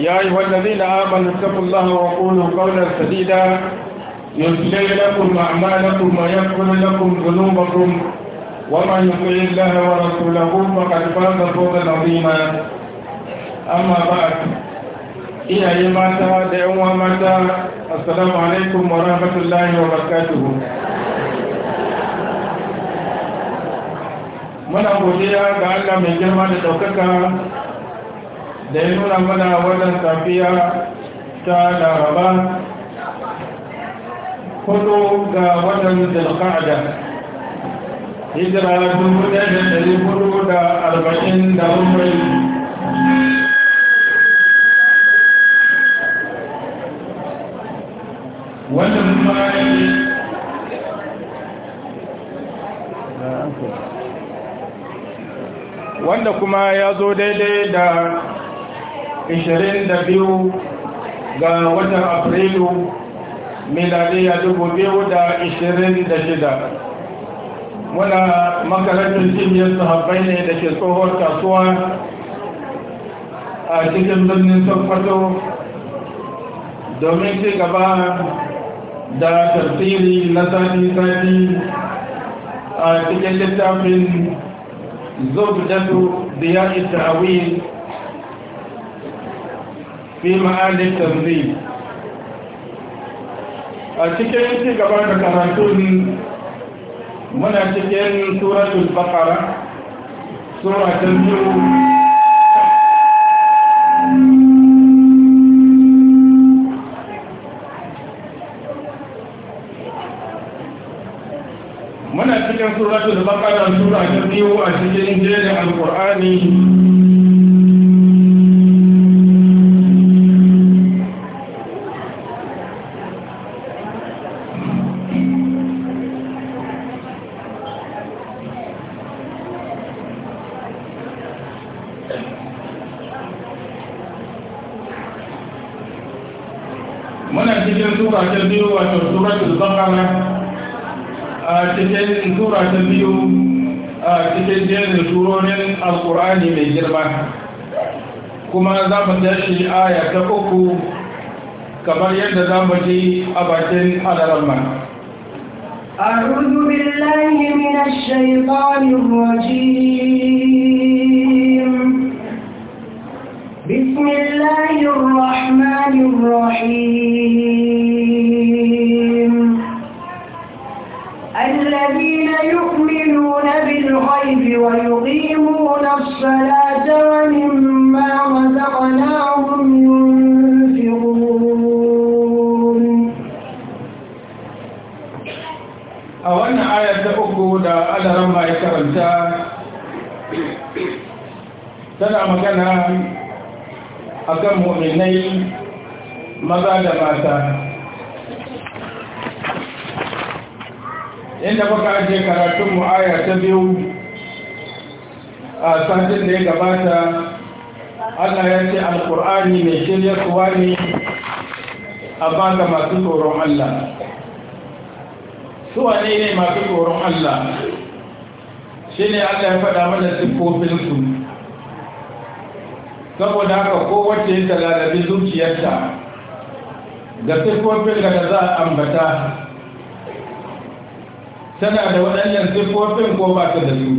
يا أيها الذين آمنوا اتقوا الله وقولوا قولا سديدا يصلح لكم أعمالكم ويغفر لكم ذنوبكم ومن يطع الله ورسوله فقد فاز فوزا عظيما أما بعد إيه ماتا دعوة ماتا السلام عليكم ورحمة الله وبركاته muna godiya ga Allah mai girma da ɗaukaka da yi nuna mana wannan safiya ta laraba Kudu ga watan zilka'ada hijira dubu ɗaya da ɗari hudu da arba'in da bakwai wanda mai wanda kuma ya zo daidai da 22 ga watan afrilu da shida. muna makarantar cibiyar sahabbai ne da ke tsohon kasuwa a cikin birnin sokoto domin ci gaba da tafsiri na sati-sati a cikin littafin Zub, da a isa fi ma'alin tanzim a cikin ci gaba da karatun muna cikin suratul baqara sura ta biyu muna cikin suratul baqara sura ta biyu a cikin jerin alqur'ani kuma za mu tashi aya ta uku kamar yadda za mu ji a bakin alarama أعوذ بسم الله الرحمن الرحيم muminai maza da mata inda baka ajiye karatun mu'aya ta biyu a satin da ya gabata allah ya ce alkur'ani mai shirya kuwa ne a baka masu tsoron allah suwa ne ne masu tsoron allah shi ne allah ya faɗa mana siffofinsu saboda haka ko wacce ya talalabi zuciyarta ga siffofin da za a ambata tana da waɗannan siffofin ko ba ta da su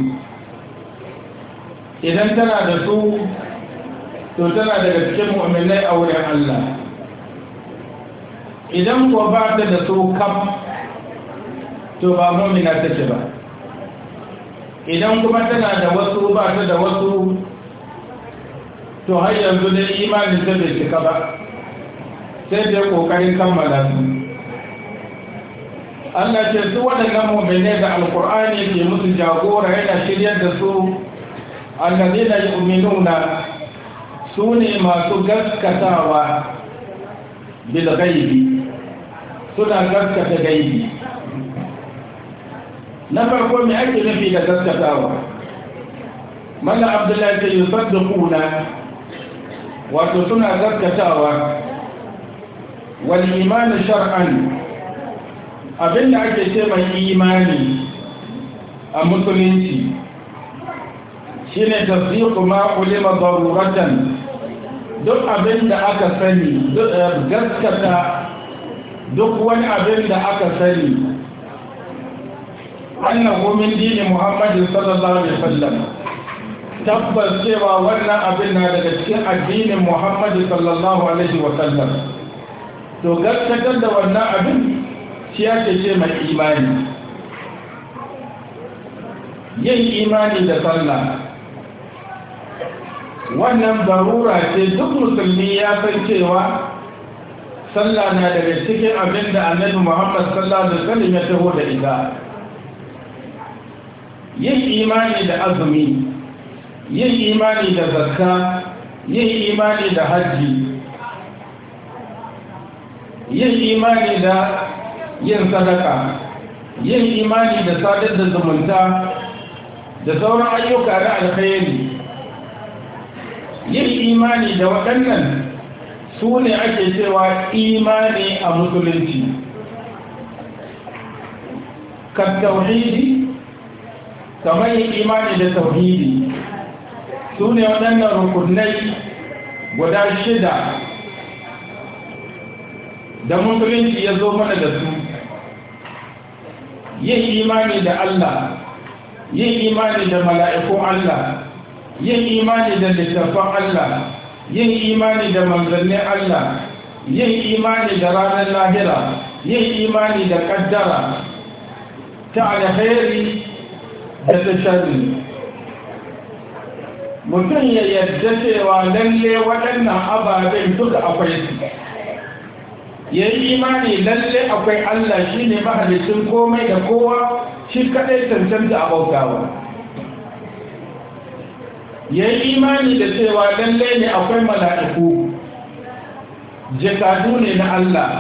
idan tana da su to tana da cikin mu'minai a wurin Allah idan ko ba ta da su kam to ba mu'mina take ba idan kuma tana da wasu ba ta da wasu to har yanzu dai imanin ta bai cika ba sai dai kokarin kammala su Allah ce su waɗannan mu'minai da alkur'ani ke musu jagora yana shiryar da su allazina yu'minuna su ne masu gaskatawa bil ghaibi suna gaskata gaibi na farko me ake nufi da gaskatawa mana abdullahi ta yusaddiquna wato suna zarkatawa wal’imani shar'an abinda ake ce mai imani a musulunci shine tasdiqu ma ulima zaruratan duk abinda aka sani eh, gaskata duk wani abinda aka sani annahu min dini muhammadin sallallahu alaihi wasallam tabbas cewa wannan abin na daga cikin addinin muhammadu sallallahu alaihi wasallam to gaskatar da wannan abin shi ake ce mai imani yin imani da sallah wannan barura ce duk musulmi ya san cewa sallah na daga cikin abin da annabi muhammad sallallahu alaihi wasallam ya taho da ita yin imani da azumi yin imani da zarka yin imani da hajji yin imani da yin sadaka yin imani da sadar da zumunta da sauran ayyuka na alkhairi yin imani da waɗannan su ne ake cewa imani a musulunci kan tauhidi kamar yin imani da tauhidi su ne waɗannan rukunai guda shida da musulunci ya zo mana da su yin imani da Allah yin imani da mala'ikun Allah yin imani da littattafan Allah yin imani da manzanni Allah yin imani da ranar lahira yin imani da ƙaddara ta alheri da ta shari'a mutum ya yadda cewa lalle waɗannan ababen duka akwai su ya yi imani lalle akwai Allah shi ne mahalicin komai da kowa shi kaɗai cancanta a bautawa ya yi imani da cewa lalle ne akwai mala'iku jakadu ne na Allah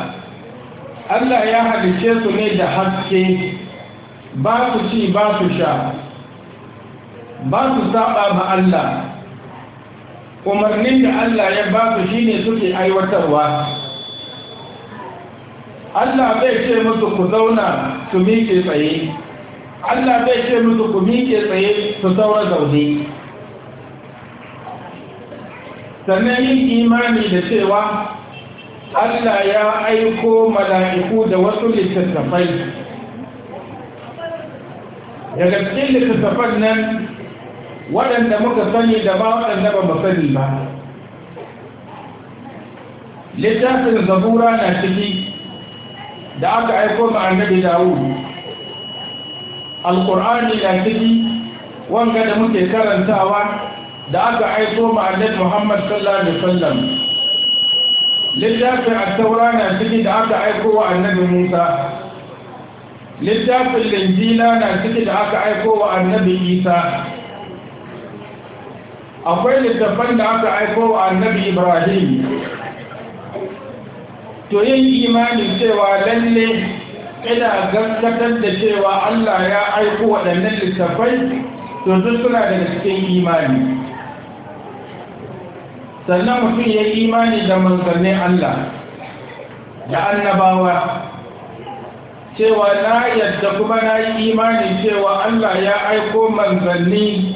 Allah ya halice su ne da haske ba su ci ba su sha ba su saba ba Allah umarnin da Allah ya ba su shi ne suke aiwatarwa Allah bai ce musu ku zauna su miƙe tsaye Allah bai ce musu ku miƙe tsaye su saura zaune sannan yin imani da cewa Allah ya aiko mala'iku da wasu littattafai daga cikin littattafan nan waɗanda muka sani da ba waɗanda ba mu sani ba littafin zabura na ciki da aka aiko ma annabi dawud alƙur'ani na ciki wanga da muke karantawa da aka aiko ma annabi muhammad sallallahu alaihi wasallam littafin at-taura na ciki da aka aiko wa annabi musa littafin linjila na ciki da aka aiko wa annabi isa akwai littafan da aka aiko wa annabi ibrahim to yin imanin cewa lalle ina gaskatar da cewa allah ya aiko waɗannan littafai, to duk suna daga cikin imani sannan mutum ya yi imani da manzannin allah da annabawa cewa na yadda kuma na yi imani cewa allah ya aiko manzanni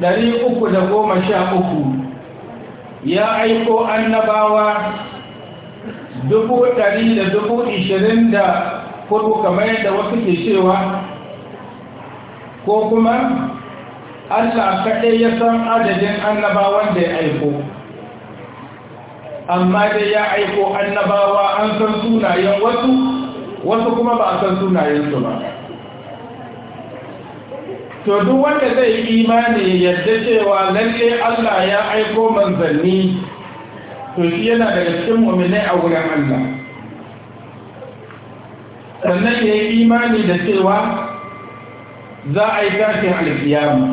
ɗari uku da goma sha uku ya aiko annabawa dubu ɗari da dubu ishirin da hudu, kamar yadda wasu ke cewa ko kuma allah kaɗai ya san adadin annabawan da ya aiko amma dai ya aiko annabawa an san sunayen wasu wasu kuma ba a san sunayen su ba to duk wanda zai yi imani yadda cewa lalle Allah ya aiko manzanni to shi yana daga cikin mu'minai a wurin Allah sannan ya yi imani da cewa za a yi tashin alkiyama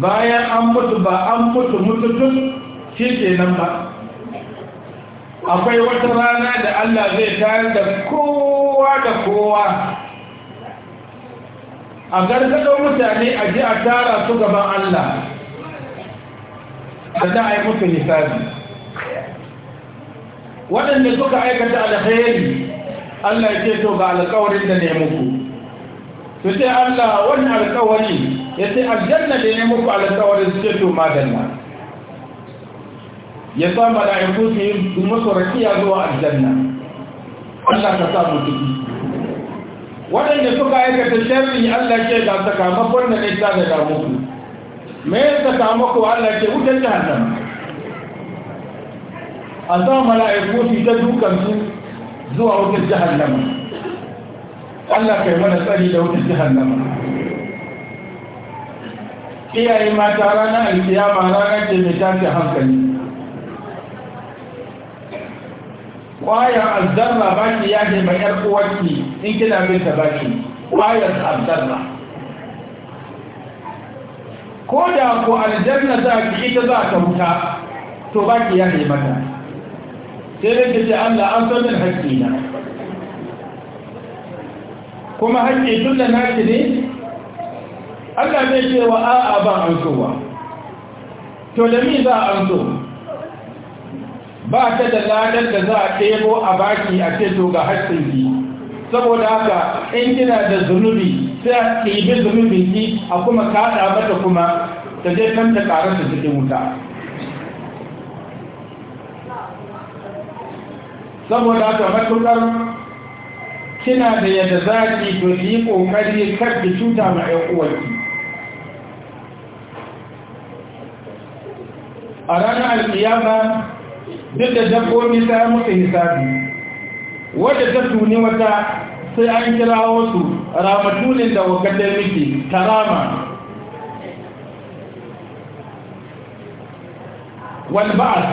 bayan an mutu ba an mutu mututun shi ke nan ba akwai wata rana da Allah zai tayar da kowa da kowa a gargadon mutane a ji a tara su gaban Allah da za a yi musu nisabi waɗanda suka aikata alkhairi Allah ya ce to ga alƙawarin da ne muku su ce Allah wani alƙawarin ya ce aljanna da ne muku alƙawarin su ce to maganna ya sa mala'iku su yi musu rakiya zuwa aljanna Allah ka sa tuki waɗanda suka aikata sharri Allah ke ga sakamakon da nisa da damu me ya sakamako Allah ke wutar jahannam a sa mala'iku su ta dukan su zuwa wutar jahannama Allah kai mana tsari da wutar jahannama iyaye mata rana alkiyama rana ce mai tafi hankali kwayan azzarra ba ki yaje mai yar uwarki in kina bin ta baki ayat al ko da ko aljanna za ki ita za ta huta to baki ya yi mata sai da kace Allah an san min haƙƙi na kuma haƙƙi tun da naki ne Allah zai ce wa a'a ba an so ba to da mi za an so ba ta da ladar da za a ɗebo a baki a ce to ga hakkin ki saboda haka in kina da zunubi sai a bi zunubin ki a kuma kaɗa mata kuma ta je kan ta ƙarar ta cikin wuta saboda haka matuƙar kina da yadda za ki to ki yi ƙoƙari kar ki cuta ma ƴan uwanki a ranar alƙiyama duk da dabbobi ta musu hisabi wadda ta tuni wata sai an kira wasu ramatunin da wakatar miki tarama walba'ad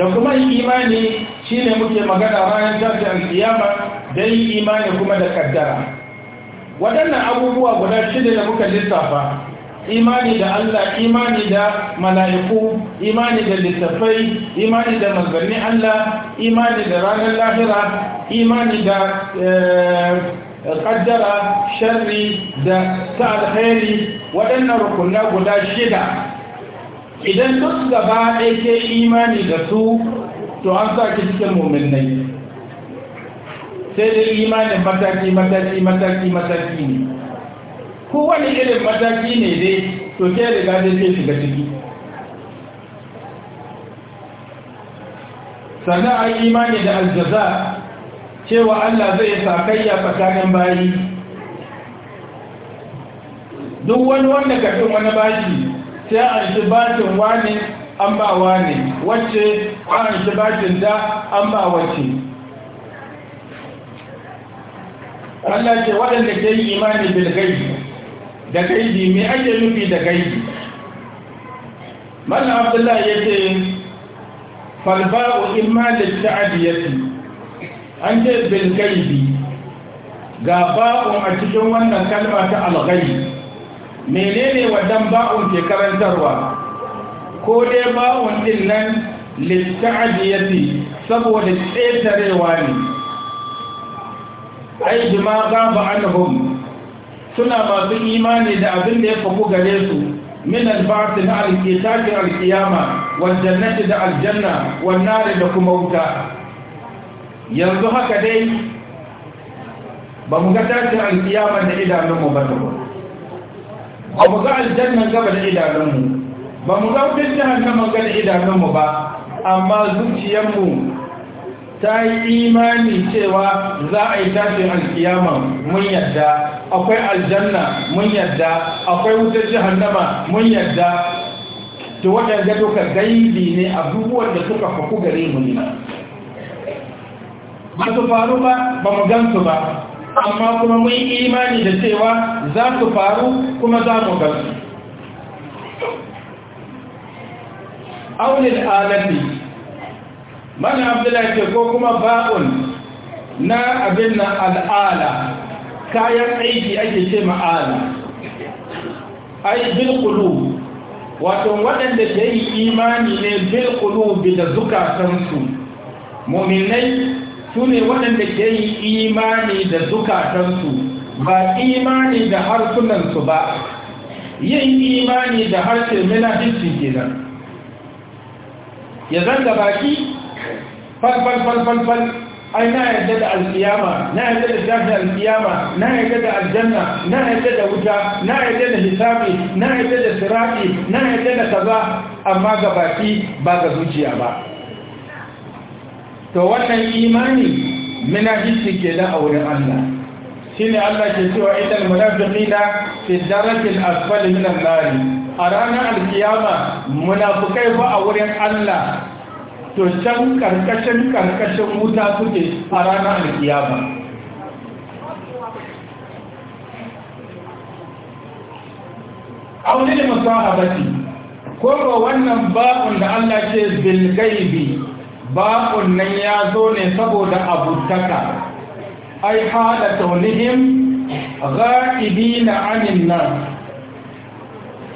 da kuma yi imani shi ne muke magana ranar a siyama da yi imani kuma da kaddara waɗannan abubuwa guda shida da muka lissafa imani da Allah imani da mala'iku imani da littafai imani da manzanni Allah imani da ranar lahira imani da eh, kaddara sharri da ta alkhairi waɗannan rukunna guda shida idan duk gaba ɗaya ke imani da su to an sa ki cikin mummunai sai dai imanin mataki mataki mataki mataki ne kowane irin mataki ne dai to ke da dai ke shiga ciki sannan a yi imani da aljaza cewa allah zai sakayya tsakanin bayi duk wani wanda ka wani bashi sai an shi bashin wani an ba wani wacce an shi bashin da an ba wacce Allah ce waɗanda ke yi imani Bilgai. da gaibi me ake nufi da gaibi mana abdullahi ya ce falba'u imma litta'adiyati an ce bin gaibi ga ba'un a cikin wannan kalma ta alghaibi menene wadan ba'un ke karantarwa ko dai ba'un din nan litta'adiyati saboda tsetarewa ne ai bima ba'an hukum suna masu imani da abin da ya faku gare su min su na alkitakin alkiyama waljannati da aljanna wannan da kuma wuta yanzu haka dai ba mu ga tashin alkiyama da idanunmu ba ba mu ga aljanna gaba da idanunmu ba mu ga wutar jihar gama ga da idanunmu ba amma zuciyarmu ta yi imani cewa za a yi tashin alkiyama mun yadda akwai aljanna mun yadda akwai wutar jahannama mun yadda to waɗanda duka gaibi ne abubuwan da suka faku gare mu ne ba su faru ba ba mu gansu ba amma kuma mun yi imani da cewa za su faru kuma za mu gansu alati mana abdullahi ce ko kuma ba'un na abin na al'ala kayan aiki ake ce ma'ala ai bilkulu wato waɗanda ke yi imani ne bilkulu da zukatansu mominai su ne waɗanda ke yi imani da zukatansu ba imani da harsunansu ba yin imani da harshe mina hissi kenan ya zanga baki falfalfalfal ai na yadda da alkiyama na yadda da shafi alkiyama na yadda da aljanna na yadda da wuta na yadda da hisabi na yadda da sirati na yadda da kaza amma ga baki ba ga zuciya ba to wannan imani mina hissi ke da auren Allah shi ne Allah ke cewa idan munafiqina fi darakin asfali minan nari a ranar alkiyama munafukai ba a wurin Allah to can karkashin karkashin wuta suke a ranar alkiyama ne da musahabati ko ba wannan baƙon da Allah ce bilgaibi baƙon nan ya zo ne saboda abutaka ai hada taunihim ga'ibina na nan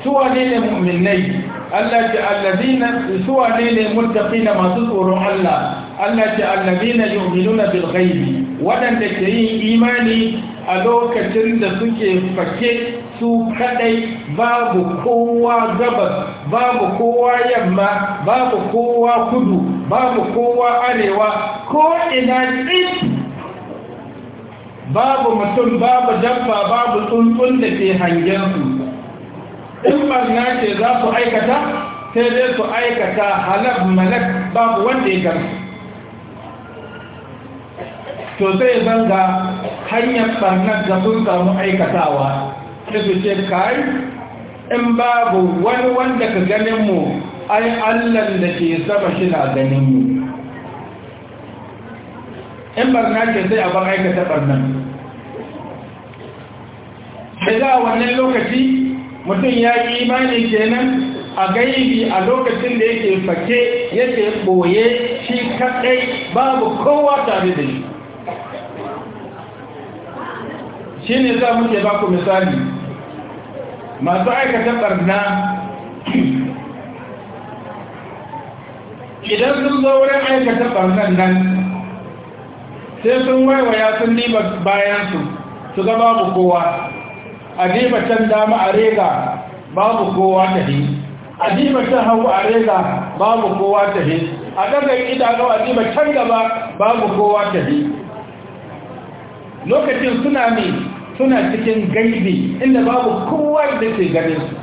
su ne ne mu'minai Allah ce allazina su wane ne muttaqina masu tsoron Allah Allah ce allazina yu'minuna bil ghaibi wadanda ke yin imani a lokacin da suke fake su kadai babu kowa gabas babu kowa yamma babu kowa kudu babu kowa arewa ko ina tsit babu mutum babu dabba babu tsuntsun da ke hangen su in na ce za su aikata sai dai su aikata halab malak babu wanda ya gamsu to sai zanga hanyar barnar da sun samu aikatawa sai su ce kai in babu wani wanda ka ganin mu ai allan da ke sama shi na ganin mu in barna ce sai aikata barnar sai za a wannan lokaci mutum ya yi imani kenan a gaibi a lokacin da yake fake yake boye shi kaɗai babu kowa tare da shi shi ne za muke ba ku misali masu aikata ɓarna idan sun zo wurin aikata ɓarnan nan sai sun waiwaya sun liba bayansu su gaba babu kowa a diba can dama a rega babu kowa ta he a diba can hau a rega babu kowa ta he a daga idanu a diba can gaba babu kowa ta he lokacin suna ne suna cikin gaibi inda babu kowa da ke ganin su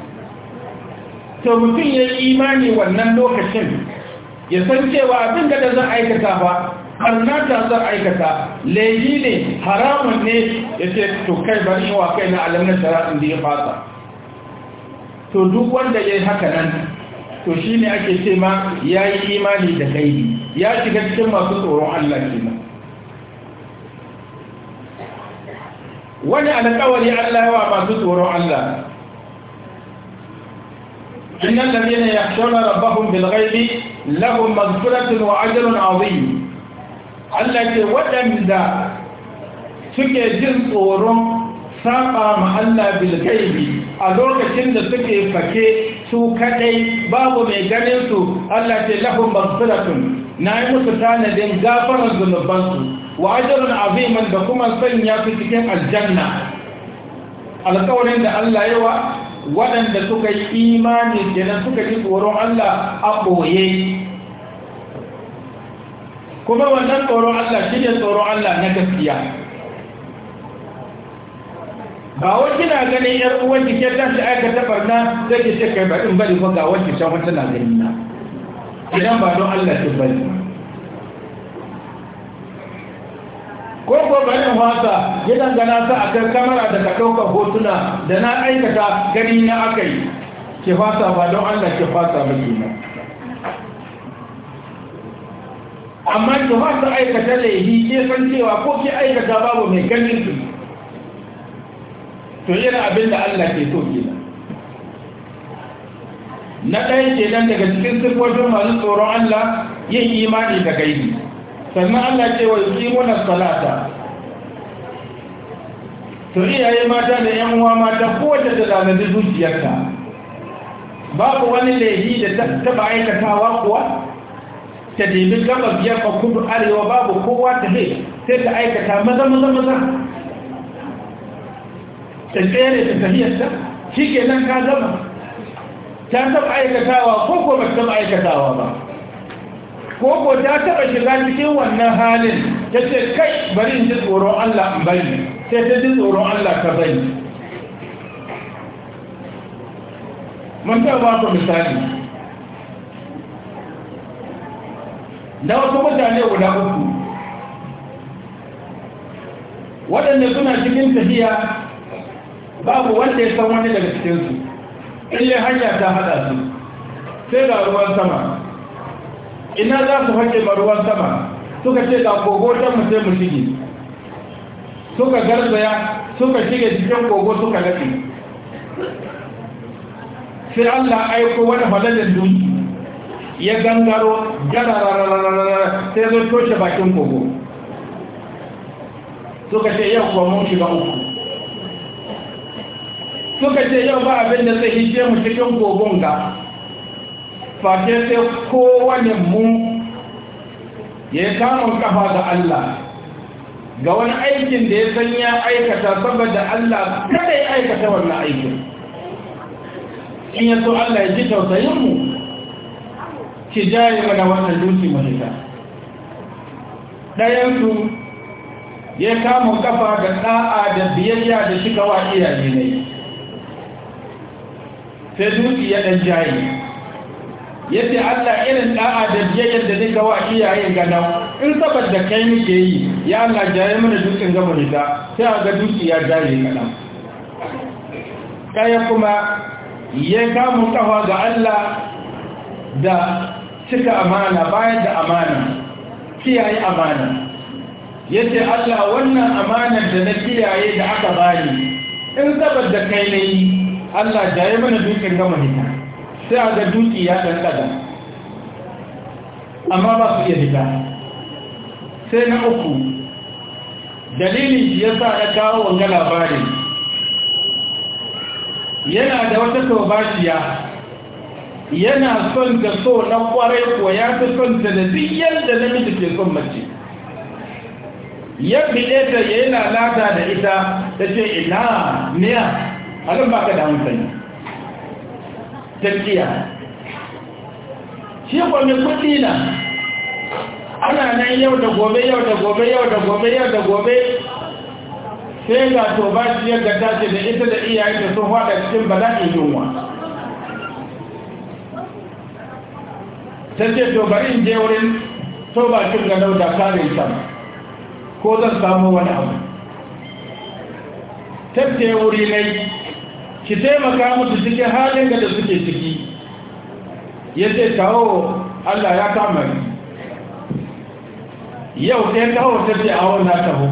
to mutum ya imani wannan lokacin ya san cewa abin da za aikata ba barna ta aikata laifi ne haramun ne ya ce to kai bari wa kai na alamun shara'in da ya fasa to duk wanda ya yi haka nan to shi ne ake ce ma ya yi imani da gaibi ya shiga cikin masu tsoron allah kenan wani alƙawari allah yawa masu tsoron allah إن الذين يخشون ربهم بالغيب لهم مغفرة وأجر عظيم Allah ce waɗanda suke jin tsoron saba ma Allah bilgaibi a lokacin da suke fake su kaɗai babu mai ganin su Allah ce lahun basiratun na yi musu tanadin gafarar zunubansu wa ajirin aziman da kuma sanya su cikin aljanna alkawarin da Allah yawa waɗanda suka yi imani kenan suka ji tsoron Allah a ɓoye kuma wannan tsoron Allah shi ne tsoron Allah na gaskiya ba wai kina ganin yar uwan ki ke aika ta barna zai ke shekai kai ba in bari ko ga wacce can wata na gani na idan ba don Allah ki bari ko ko barin wasa gidan gana sa kan kamera da ka ɗauka hotuna da na aikata gani na akai ki fasa ba don Allah ki fasa miki na amma ki aikata laifi ke san cewa ko ke aikata babu mai ganin su. to yana abin da Allah ke so ke na ɗaya ke nan daga cikin sifofin masu tsoron Allah yin imani da gaibi sannan Allah ce wa yi muna salata to iyaye mata da yan uwa mata kowace da zanadi zuciyarta babu wani laifi da taba aikatawa kuwa ta debi biyar a kudu arewa babu kowa ta he sai ta aikata maza maza maza ta tsere ta tafiyarta shi ke nan ka zama ta taɓa aikatawa ko kuma ba ta taɓa aikatawa ba ko ko ta taɓa shiga cikin wannan halin ta ce kai bari in ji tsoron Allah in bari sai ta ji tsoron Allah ta bari mun taɓa ba ku misali na wasu mutane guda uku waɗanda suna cikin tafiya babu wanda ya san wani daga cikinsu ille hanya ta haɗa su sai ga ruwan sama ina za su haƙe ma ruwan sama suka ce ga kogo don mu sai mu shige suka garzaya suka shige cikin kogo suka nafi sai Allah aiko wani falalin dutse ya gangaro jarararararara sai zo toshe bakin kogo suka ce yau kuwa mun shiga uku suka ce yau ba abin da zai hije mu cikin kogon ga fashe sai kowane mu ya yi kamun kafa ga Allah ga wani aikin da ya san ya aikata saboda Allah kada ya aikata wannan aikin in yaso Allah ya ji tausayinmu ki jaye ga wannan ta mahita ɗayansu ya kama kafa ga ɗa'a da biyayya da shiga wa iyaye ne sai doki ya ɗan jaye yace Allah irin ɗa'a da biyayyar da nika wa iyaye nan in saboda kai muke yi ya Allah jaye mana dukin gaba nita sai a ga duki ya jaye kaɗan kaya kuma ya kama kafa ga Allah da cika amana bayan da amana kiyaye amana yace Allah wannan amanar da na kiyaye da aka bani in saboda kai ne Allah jaye mana dukin gama hita sai a ga duki ya dan kada amma ba su iya hita sai na uku dalilin shi yasa na kawo wanga labarin yana da wata tobashiya yana son ga so na kwarai kuwa ya fi son ta da namiji ke son mace ya fiye ta ya yi lalata da ita ta ce ina niya halin ba ka da ta tafiya shi kwanne kudi na ana nan yau da gobe yau da gobe yau da gobe yau da gobe sai ga to ba shi yadda ta ce da ita da iyayen da sun hada cikin yi yunwa ta to bari in je wurin to kin ga dauda kare ta ko zan samu wani abu tattaye wuri ne, ki taimaka musu cikin halin da suke ciki ya ce kawo allah ya kama ni yau sai kawo tattaye a wannan taho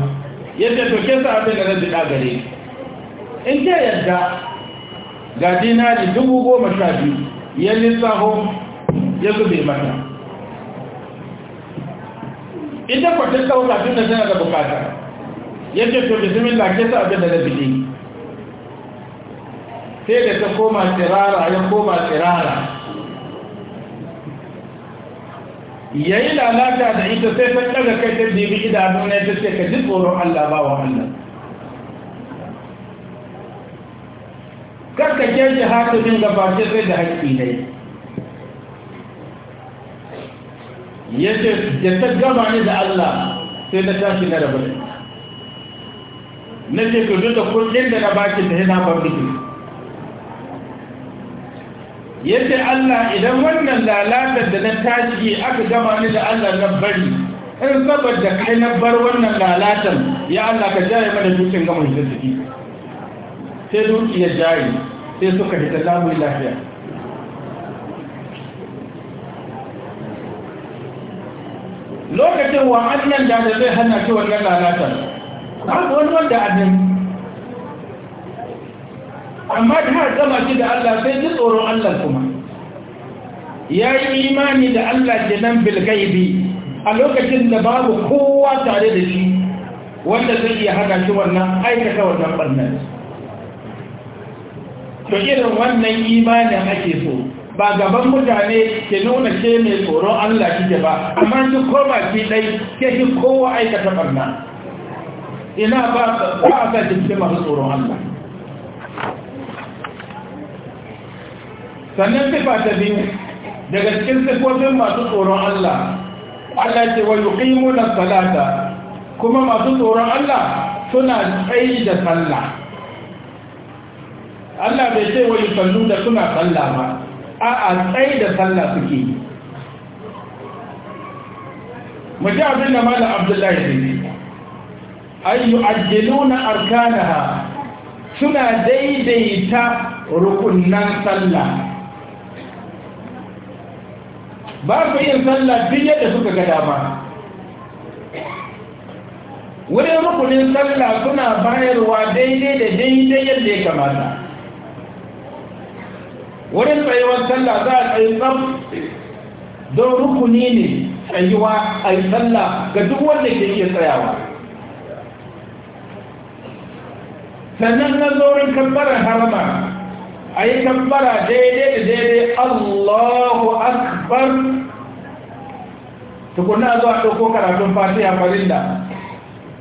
yace to to sa abin da zan ji dagare in ke yadda ga dinari dubu goma sha biyu ya lissafo ya zube mata ita kwatar ɗauka tun da tana da bukata yadda to bismillah ke sa abin da na sai da ta koma tsirara ya koma tsirara ya yi lalata da ita sai ta ɗaga kai ta bibi idanun ne ta ce ka ji tsoron Allah ba wa Allah. Karka kyanci hatimin gabace sai da haƙƙi ne. yace da ta gama da Allah sai na tashi na rabu ne na ce to duka kullum da na baki da yana ban biki yace Allah idan wannan lalatar da na tashi aka gama ne da Allah na bari in saboda kai na bar wannan lalatar ya Allah ka jaye mana dukkan gama hitar ciki sai duk ya jaye sai suka hita lamun lafiya lokacin wa hanyar da da zai hana ce wannan lalatar babu wani wanda abin amma ta zama shi da Allah sai ji tsoron Allah kuma ya yi imani da Allah ke nan bilgaibi a lokacin da babu kowa tare da shi wanda zai iya hana shi wannan aikata wannan ɓarnar to irin wannan imanin ake so ba gaban mutane ke nuna ke mai tsoron Allah kike ba amma ki koma ki dai ke ki kowa aikata barna ina ba ba ka kike masu tsoron Allah sannan sifa ta biyu daga cikin sifofin masu tsoron Allah Allah ce wa yuqimuna salata kuma masu tsoron Allah suna tsayi da sallah Allah bai ce wa yusallu da suna sallah ba a a tsaye da sallah suke mu abin da malam abdullahi zai ay yu'ajjiluna arkanaha suna daidaita rukunnan sallah ba su yin sallah duk da suka ga dama wurin rukunin sallah suna bayarwa daidai da daidai yadda ya kamata wurin tsayuwar sallah za a tsayi tsam don rukuni ne tsayuwa a yi sallah ga duk wanda ke iya tsayawa sannan na zorin kabbarar harama a yi kabbara daidai da daidai allahu akbar tukuna zuwa ɗauko karatun fatiha farinda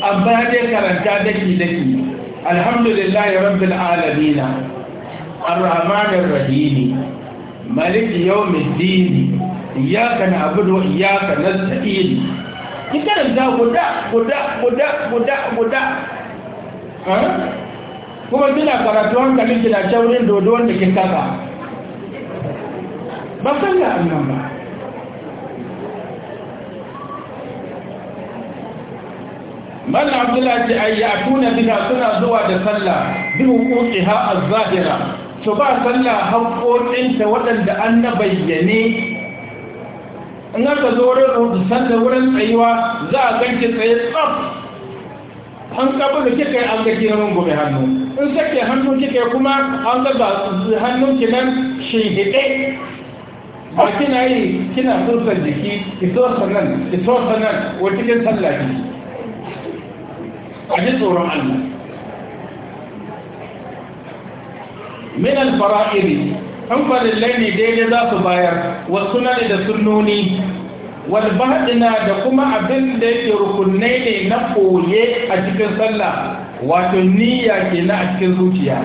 amma dai karanta daki daki alhamdulillahi rabbil alamin arrahmanir rahim malik yawmiddin iyyaka na'budu wa iyyaka nasta'in kitar karanta guda guda guda guda guda kuma kina karatu hankalin kina shaurin dodo wanda kin kasa ba sallah annan ba mana abdullahi a yi ya tuna gida suna zuwa da sallah bi huquqiha az-zahira ba sallah haƙoƙinta waɗanda an na bayyane in aka zo wurin rubusan da wurin tsayuwa za a ganke tsaye tsaf an kaɓa da kika yi an ga kiran rungume hannu in sake hannu kika kuma an ga hannun ki nan shinhiɗe ba kina yi kina fursa jiki ki so nan ki cikin sallah a ji tsoron Allah min alfara'iri farillai ne daidai za su bayar wasu na da sunnoni walbaɗina da kuma abin da yake rukunai ne na koye a cikin sallah wato niyya ke na a cikin zuciya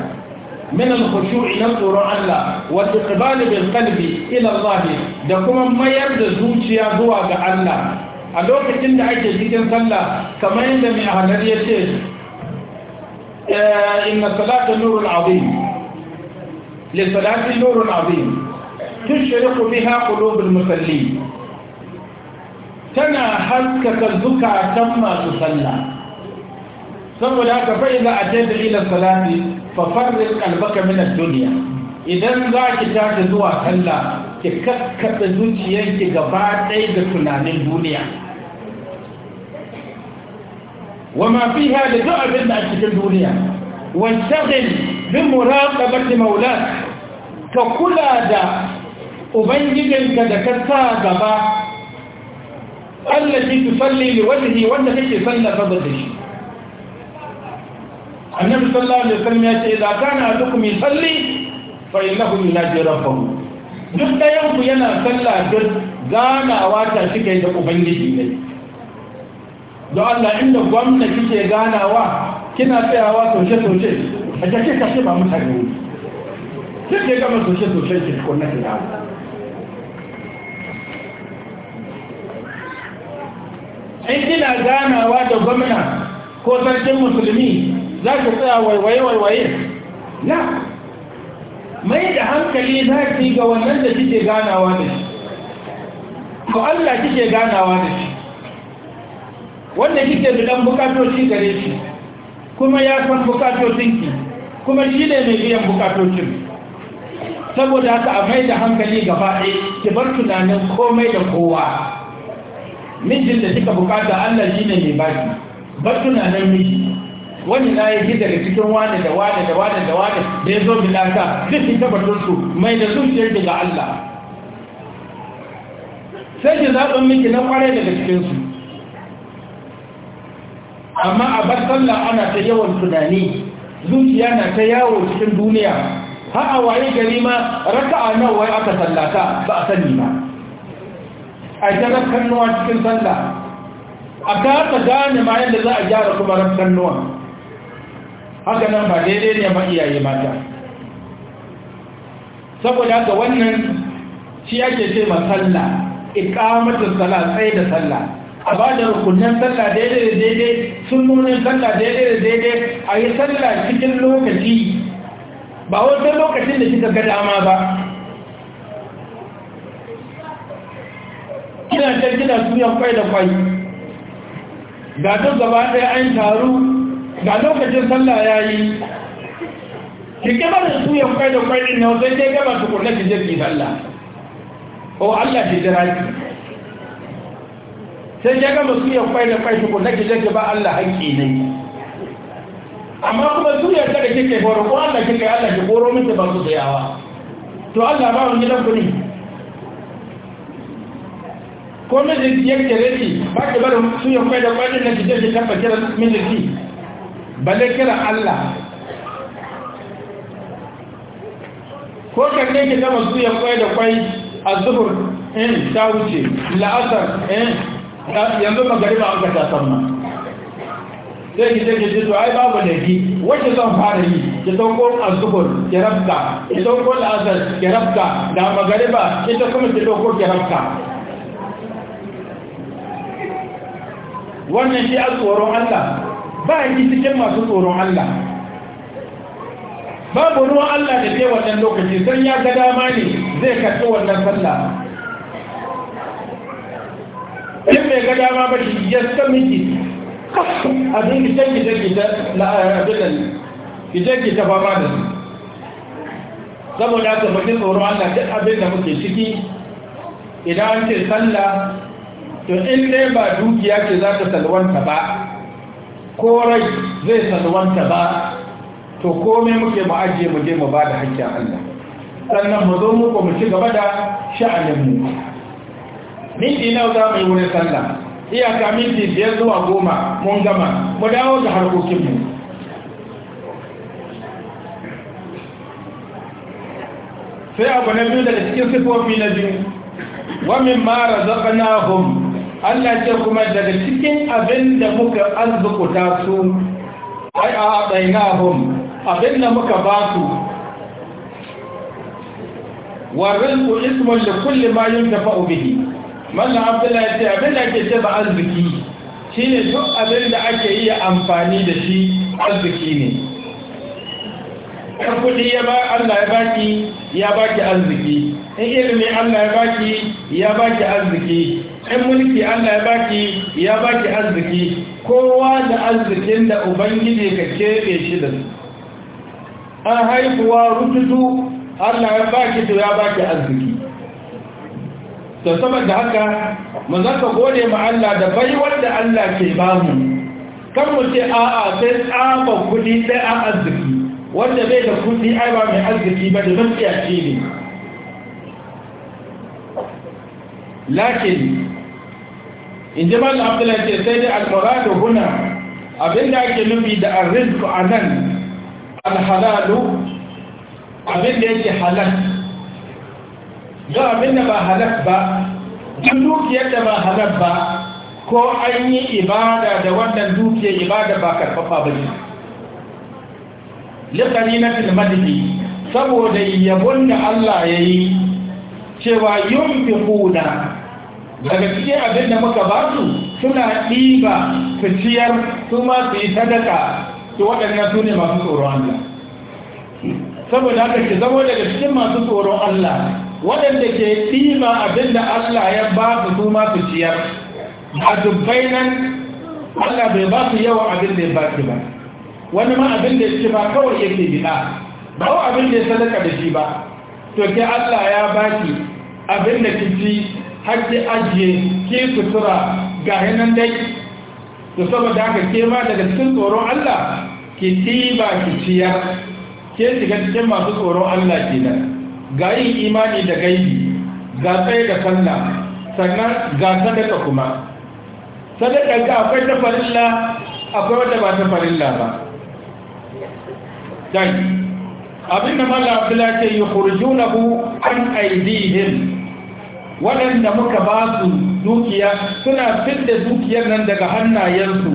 Minan al na tsoron Allah wa iqbal bil qalbi ila Allah da kuma mayar da zuciya zuwa ga Allah a lokacin da ake cikin sallah kamar yadda mai halar ya ce inna salata nurul azim li salati nurul azim tushriqu biha qulubul musallin tana haskaka zukatan masu sallah saboda haka fa idza atayta ila salati fa farriq qalbaka min ad-dunya idan zaki tashi zuwa sallah ki kakkasa zuciyarki gaba ɗaya da tunanin duniya wa mafi fiha da duk abin da a cikin duniya wancan wantaghil bi muraqabati maulak ka kula da ubangijinka da ka sa gaba allazi tusalli liwajhi wanda kake sallah saboda shi annabi sallallahu alaihi wasallam ya ce idan kana mai yusalli fa innahu yunaji rabbahu duk ɗayan ku yana sallah duk ganawa ta shi kai da ubangiji ne don Allah inda gwamna kike ganawa kina tsayawa toshe toshe a ka ce ba mutane ne kike gama toshe toshe ki ko na kira in kina ganawa da gwamna ko sarkin musulmi za ki tsaya waiwaye waiwaye na mai da hankali za ki ga wannan da kike ganawa da shi ko Allah kike ganawa da shi wanda kike da dan bukatoci gare shi kuma ya san ki, kuma shi ne mai biyan bukatocin saboda haka a mai da hankali gaba ɗaya ki bar tunanin komai da kowa mijin da kika bukata Allah shi ne mai baki bar tunanin miji wani na yi gida da cikin wani da wani da wani da wani da ya zo bilaka duk shi tabbatar su mai da zuciyar daga Allah sai ki zaɓin miki na ƙware daga cikinsu amma a bar sallah ana ta yawan tunani zuciya na ta yawo cikin duniya ha a waye gari ma a nan wai aka sallata ba a sani ba a jarar kannuwa cikin sallah a ta gane ma yadda za a gyara kuma ran kannuwa haka nan ba daidai ne ma iyaye mata saboda haka wannan shi ake ce ma sallah iqamatu salat tsaye da sallah a ba da rukunin sallah daidai da daidai sunnonin sallah daidai da daidai a yi sallah cikin lokaci ba wata lokacin da kika ga dama ba kina can kina suyan kwai da kwai ga duk gaba ɗaya an taru ga lokacin sallah ya yi ki ba su ya kai da kai din nan sai dai gaba su ki je jirgin sallah ko Allah ki jira ki sai ya gaba su ya kai da kai tukunna ki je ki ba Allah haƙƙi ne amma kuma su ya da kike horo ko Allah kike Allah ki horo miki ba su da yawa to Allah ba wani gidan ku ne ko mijin ki yake rabi ba ki bar su ya kai da kai din nan ki je ki tabbata ji. balle kira Allah ko kan ne ke zama su ya kwai da kwai azhur in eh, ta wuce la'asar in eh, yanzu magariba an aka ta samma sai ki take ce to ai babu da ki wace zan fara yi ki dauko azhur ki rabka ki dauko al'asar ki rabka da magariba ta kuma ki dauko ki rabka wannan shi a Allah ba yi cikin masu tsoron Allah babu ruwan Allah da ke wannan lokaci sai ya ga dama ne zai karɓi wannan sallah Yin mai ga dama ba shi ya miki abin gidan gidan gidan la'adunan gidan gidan fama da su saboda haka mutum tsoron Allah duk abin da muke ciki idan an ce sallah to in ne ba dukiya ce za ta salwanta ba ko rai zai wanta ba to komai muke mu ajiye mu je mu ba da hakkin Allah sannan mu zo muku mu ci gaba da mu. minti nawa za mu yi wurin sallah iyaka minti biyar zuwa goma mun gama mu dawo da harkokinmu sai abu na biyu daga cikin sifofi na biyu wa min ma razaqnahum Allah ce kuma daga cikin abin da muka arzikuta su ai a haɗainahum abin da muka ba su warin ku ismun da kulle ma yin tafa ubihi mallan abdullahi ce abin da ake ce ba arziki shine duk abin da ake yi amfani da shi arziki ne kudi ya ba Allah ya baki ya baki arziki in ilimi Allah ya baki ya baki arziki in mulki Allah ya baki ya baki arziki kowa da arzikin da ubangiji ka keɓe shi da su an haifuwa rututu Allah ya baki to ya baki arziki to saboda haka mu zaka gode ma Allah da bai wanda Allah ke bamu kan mu ce a'a sai tsaba kudi sai a arziki wanda bai da kudi ai ba mai arziki ba da shi ne lakin in ji mal abdullahi ce sai dai almuradu huna abinda ake nufi da arzik a nan alhalalu abinda yake halal ga abinda ba halal ba duk dukiyar da ba halal ba ko an yi ibada da wannan dukiyar ibada ba karfafa ba ne likari na tilmadiki saboda yabon da Allah ya yi cewa yun fi huna daga cikin abin da muka ba su suna ɗiba su ciyar su ma su yi sadaka su waɗannan su ne masu tsoron Allah saboda haka ki zama daga cikin masu tsoron Allah waɗanda ke ɗiba abin da Allah ya ba su su ma su ciyar a dubbai nan Allah bai ba su yawan abin da ya ba su ba wani ma abin da ya ci ba kawai yake bida ba abin da ya sadaka da shi ba to ke Allah ya baki abin da ki ci har ajiye ke sutura ga hinan dai to saboda haka ke ma daga cikin tsoron Allah ki tiba ki ciya. ke shiga cikin masu tsoron Allah kenan ga yin imani da gaibi ga tsaye da sallah sannan ga sadaka kuma sadaka ga akwai ta farilla akwai wata ba ta farilla ba dan abin da malla Abdullahi ya yi khurjunahu an aidihim waɗanda muka ba su dukiya suna fidda dukiyar nan daga hannayensu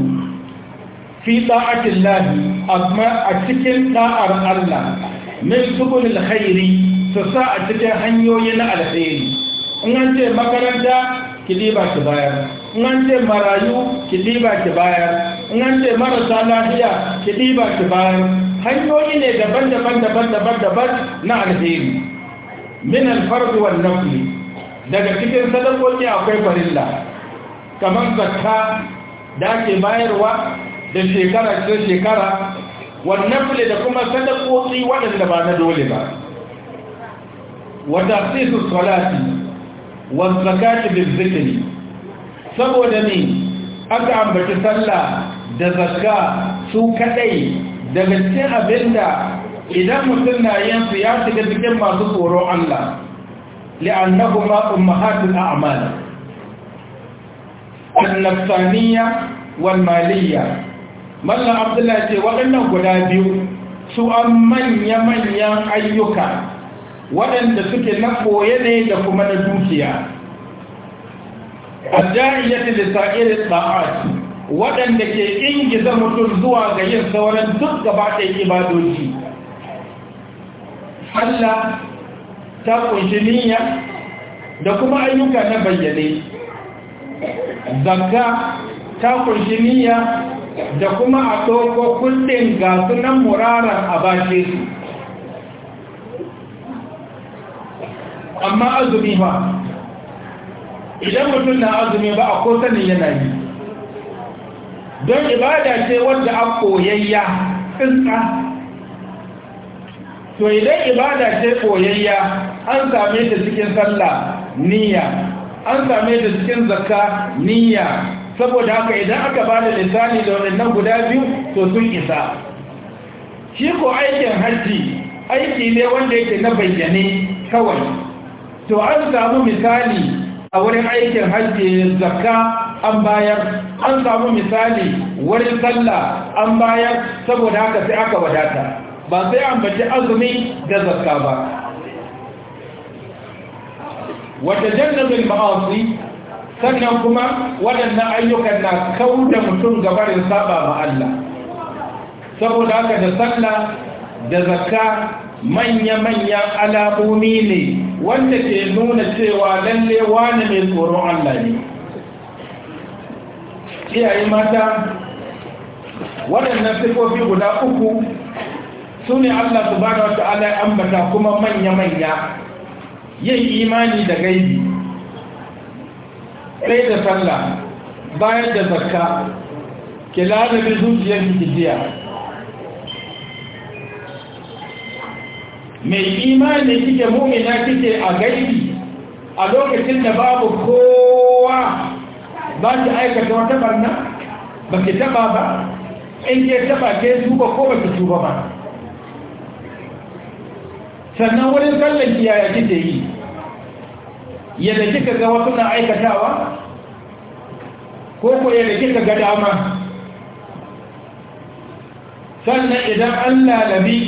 fi ta'atin lahi a cikin ɗa'ar Allah min sukun khairi su sa a cikin hanyoyi na alheri in an ce makaranta ki diba ki bayar in an ce marayu ki diba ki bayar in an ce marasa lafiya ki diba ki bayar hanyoyi ne daban-daban daban-daban na alheri min alfarbi wal nafli daga cikin sadakoki akwai farilla kamar zakka da ake bayarwa da shekara ta shekara wannan fule da kuma sadakoki waɗanda ba na dole ba wata sisu salati wa zakati bil zikri saboda ne aka ambaci sallah da zakka su kadai daga cikin abinda idan mutum na yin ya shiga cikin masu tsoron Allah لأنهما أمهات الأعمال النفسانية والمالية ملا عبد الله يقول وإنه قدابيو سوء من يمن أيك وإن تسك نفو يدي لكم دوكيا الداعية لسائر الطاعات waɗanda ke ingiza mutum zuwa ga yin sauran duk gaba ɗaya ibadoji Allah ta kunshi niyya da kuma ayyuka na bayyane zakka ta kunshi niyya da kuma a ɗauko kullum ga sunan muraran a bashe su amma azumi ba idan mutum na azumi ba a ko sanin yana yi don ibada ce wadda a koyayya tsinka to idan ibada ce koyayya an same ta cikin sallah niyya an same ta cikin zakka niyya saboda haka idan aka ba da lisani da waɗannan guda biyu to sun isa shi ko aikin hajji aiki ne wanda yake na bayyane kawai to an samu misali a wurin aikin hajji zakka an bayar an samu misali wurin sallah an bayar saboda haka sai aka wadata ba sai an bace azumi da zakka ba wata jannabin ba'asi sannan kuma waɗannan ayyukan na kauda da mutum gabarin saba ma Allah saboda haka da sallah da zakka manya-manyan alamomi ne wanda ke nuna cewa lalle wani mai tsoron Allah ne iyaye mata waɗannan sifofi guda uku su ne Allah subhanahu wa ta'ala ya ambata kuma manya-manya yin imani da gaibi sai da sallah bayan da zakka ke ladabi zuciyar kijiya mai imani kike mumina kike a gaibi a lokacin da babu kowa ba ki aikata wata barna ba ki taba ba in ke taba ke tuba ko ba ki tuba ba sannan wurin sallar ya yadda kika ga wasu na aikatawa ko ko yadda kika ga dama sannan idan an lalabi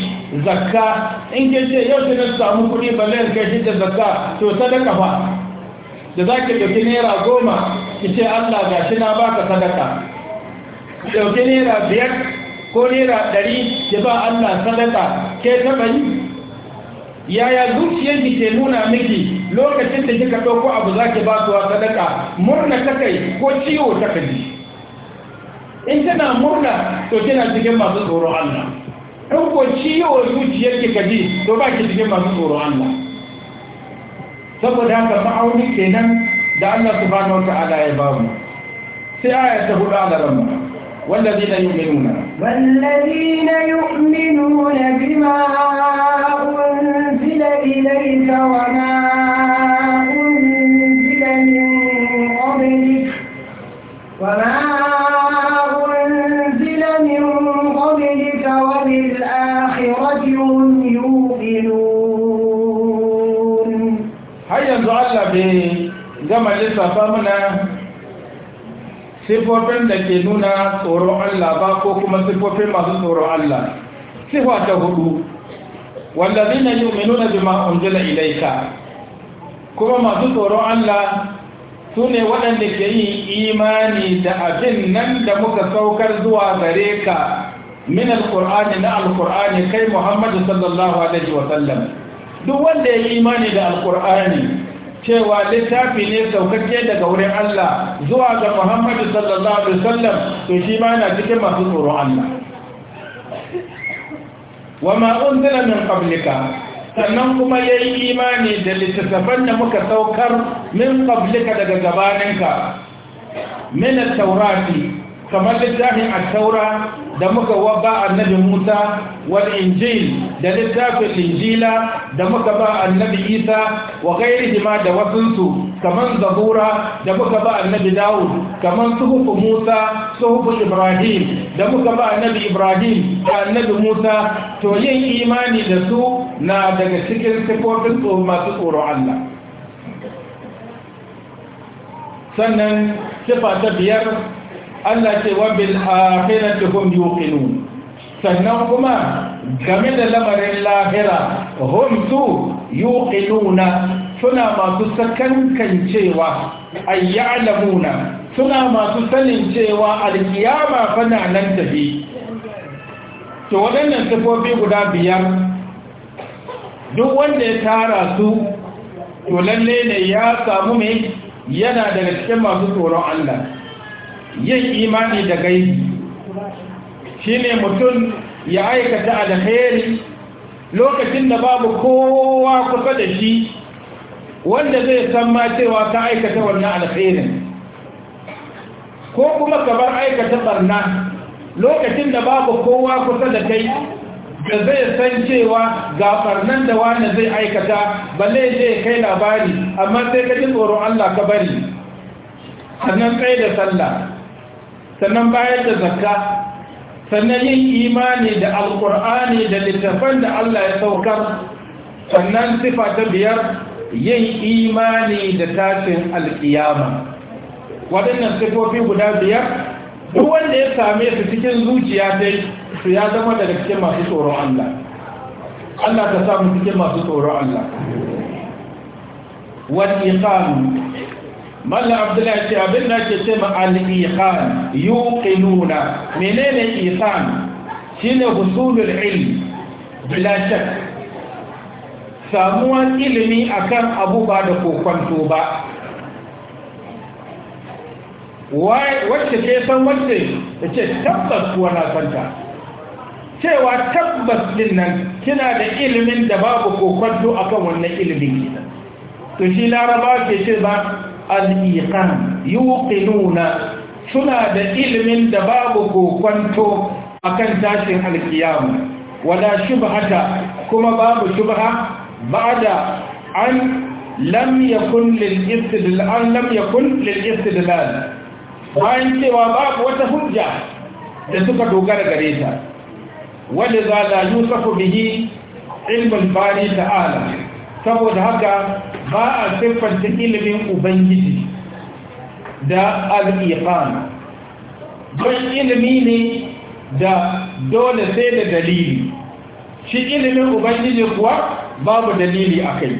zakka in ke ce yau ta samu kuɗi ba zai kai shi da zakka to sadaka fa da za ki ɗauki naira goma ki ce allah ga shi na baka sadaka ɗauki naira biyar ko naira ɗari ki ba allah sadaka ke taɓa yi yaya zuciyarki ke nuna miki lokacin da kika ɗauko abu za ki ba su wa sadaka murna ta kai ko ciwo ta kaji in tana murna to kina cikin masu tsoron Allah in ko ciwo zuciyar ki kaji to ba ki cikin masu tsoron Allah saboda haka ma'auni kenan da Allah subhanahu wa ta'ala ya ba mu sai aya ta hudu a garin mu والذين يؤمنون والذين يؤمنون بما أنزل إليك وما Allah bai gama lissafa muna sifofin da ke nuna tsoron Allah ba ko kuma sifofin masu tsoron Allah sifo ta hudu wallazina yu'minuna bima unzila ilaika kuma masu tsoron Allah su ne waɗanda ke yi imani da abin nan da muka saukar zuwa gare ka min alkur'ani na alkur'ani kai muhammadu sallallahu alaihi wasallam duk wanda ya imani da alkur'ani cewa littafi ne saukakke daga wurin Allah zuwa ga Muhammadu sallallahu alaihi wasallam to shi ma yana cikin masu tsoron Allah wa ma unzila min qablika sannan kuma yayi imani da littattafan da muka saukar min qablika daga gabaninka min at-taurati kamar littafin attaura da muka ba annabi musa wal injil da littafin injila da muka ba annabi isa wa gairi ma da wasunsu kamar zabura da muka ba annabi dawud kamar suhufu musa suhufu ibrahim da muka ba annabi ibrahim da annabi musa to yin imani da su na daga cikin sifofin masu tsoron allah sannan sifa ta biyar Allah ce wa bil akhirati hum yuqinun sannan kuma game da lamarin lahira hum su yuqinuna suna masu sakankan cewa ay ya'lamuna suna masu sanin cewa alkiyama fa na nan tafi to waɗannan sifofi guda biyar duk wanda ya tara su to lalle ne ya samu mai yana daga cikin masu tsoron Allah yin imani da gaibi shine mutum ya aikata alheri lokacin da babu kowa kusa da shi wanda zai san ma cewa ta aikata wannan alherin ko kuma ka bar aikata barna lokacin da babu kowa kusa da kai da zai san cewa ga barnan da wani zai aikata balle zai kai labari amma sai ka ji tsoron Allah ka bari sannan tsaye da sallah sannan bayar da zakka sannan yin imani da alkur'ani da littafan da Allah ya saukar sannan sifa ta biyar yin imani da tashin alkiyama waɗannan sifofi guda biyar duk wanda ya same su cikin zuciya dai su ya zama daga cikin masu tsoron Allah Allah ta samu cikin masu tsoron Allah wani iqamu malla abdullahi ce abin da ke ce al-iqan yuqinuna menene iqan shine husulul ilm bila shak samuwan ilimi akan abu ba da kokonto ba wacce ke san wacce da ce tabbas kuwa na santa cewa tabbas din nan kina da ilimin da babu kokonto akan wannan ilimin to shi laraba ke ce ba al-iqan suna da ilimin da babu kokwanto akan tashin alkiyama wala shubhata kuma babu shubha ba'da an lam yakun lil istidlal lam yakun lil istidlal bayan cewa babu wata hujja da suka dogara gare ta wanda za la yusafu bihi ilmul bari ta'ala saboda haka ba a siffanta ilimin ubangiji da al'iƙan don ilimi ne da dole sai da dalili shi ilimin ubangiji kuwa babu dalili a kai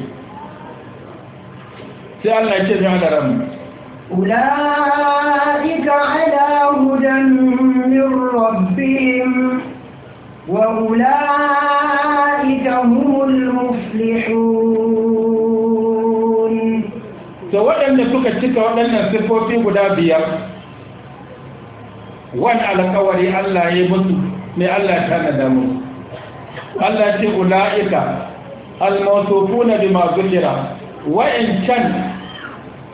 sai Allah ce mai alaran ula'ika ala hudan min rabbihim wa ula'ika humul to waɗanda suka cika waɗannan siffofi guda biyar wani alƙawari Allah ya mutu mai Allah ta nada mu Allah ce ula'ika na bi ma zukira wa'incan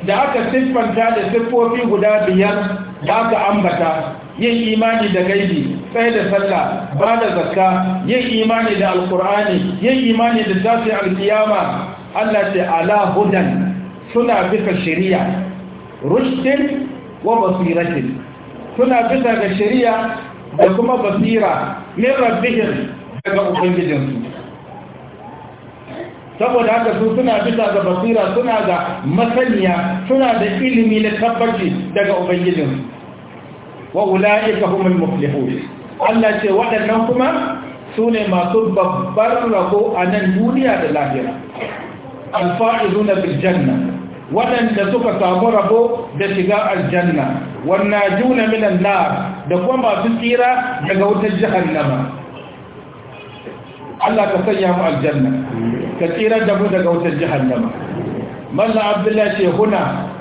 da aka siffanta da siffofi guda biyar da aka ambata yin imani da gaibi tsaye da sallah ba da zakka yin imani da alkur'ani yin imani da tafi alƙiyama, Allah ce ala hudan suna bisa shari'a rushdin wa basiratin suna bisa ga shari'a da kuma basira min rabbihim daga ubangijinsu saboda haka su suna bisa ga basira suna ga masaniya suna da ilimi na tabbaci daga ubangijinsu wa ula'ika humul muflihun Allah ce waɗannan kuma su ne masu babbar rago a nan duniya da lahira alfa'izuna bil janna waɗanda suka samu rabo da shiga aljanna wannan juna minan nar da kuma masu tsira daga wutar jahannama Allah ka sanya mu aljanna ka tsira da mu daga wutar jahannama mallan abdullahi ce huna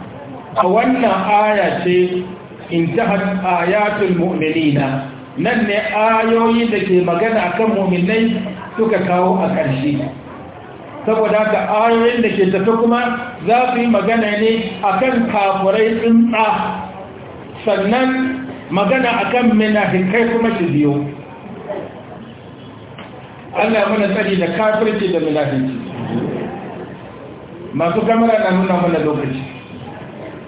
a wannan aya ce in intahat ayatul mu'minina nan ne ayoyi da ke magana akan mu'minai suka kawo a ƙarshe saboda ka ayoyin da ke tafi kuma za su yi magana ne akan kafurai tsuntsa sannan magana akan kai kuma shi biyo na muna tsari da kafirci da minafinci masu kamara na nuna mana lokaci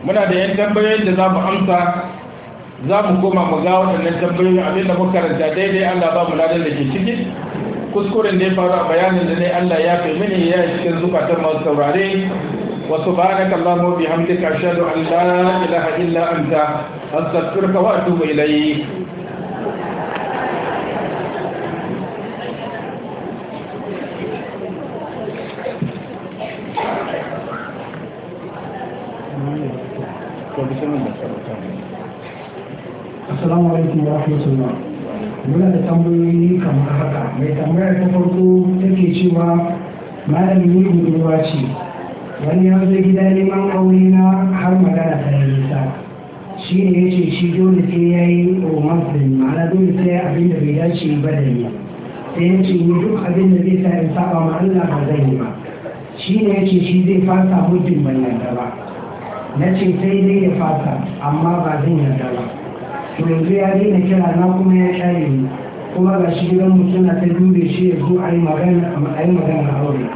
muna da yan tambayoyin da za mu amsa za mu koma mu ga waɗannan tambayoyin abinda muka karanta daidai Allah ba mu ladan da ke ciki kuskuren da ya faru bayanin da ne Allah ya fi mini ya yi cikin zukatan masu saurare wa subhanaka allahumma bihamdika ashhadu an la ilaha illa anta astaghfiruka wa atubu ilayk السلام عليكم ورحمة الله muna da tambayoyi kamar haka mai tambayar ta farko take cewa malam ne budurwa ce wani ya zo gida neman aure na har magana ta yi nisa shi ne ya ce shi dole sai ya yi romance da ma'ana dole sai abin da bai dace ba da ni sai ya ce ni duk abin da zai sa in saba ma Allah ba zan yi ba shi ne ya ce shi zai fasa muddin ban yarda ba na ce sai dai ya fasa amma ba zan yarda ba to yanzu ya daina kira na kuma ya shaye ni kuma ga shi gidan mutum na ta dube shi ya zo a yi magana a yi magana aure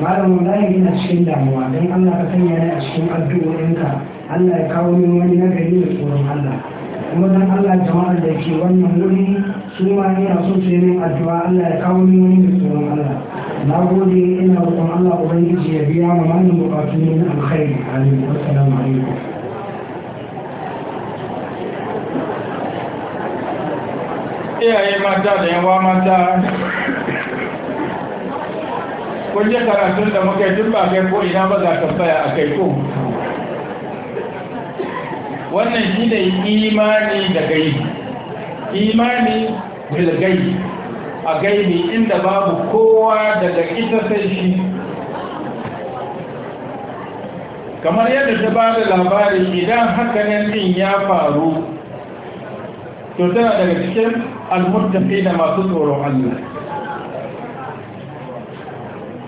malam wallahi ina cikin damuwa don Allah ka sanya ni a cikin addu'o'inka Allah ya kawo min wani nagari da tsoron Allah kuma don Allah jama'ar da ke wannan wuri su ma ina so su yi addu'a Allah ya kawo min wani da tsoron Allah na gode ina roƙon Allah ubangiji ya biya ma malam bukatu ne na alkhairi amin assalamu alaikum iyaye mata da yawa mata kun je karatun da muka yi tun kai ko ina ba za tambaya a kai ko wannan shi ne imani da gai imani bil gai a gaibi inda babu kowa daga ita sai shi kamar yadda ta ba da labari idan hakanan din ya faru to tana daga cikin almuttafi da masu tsoron Allah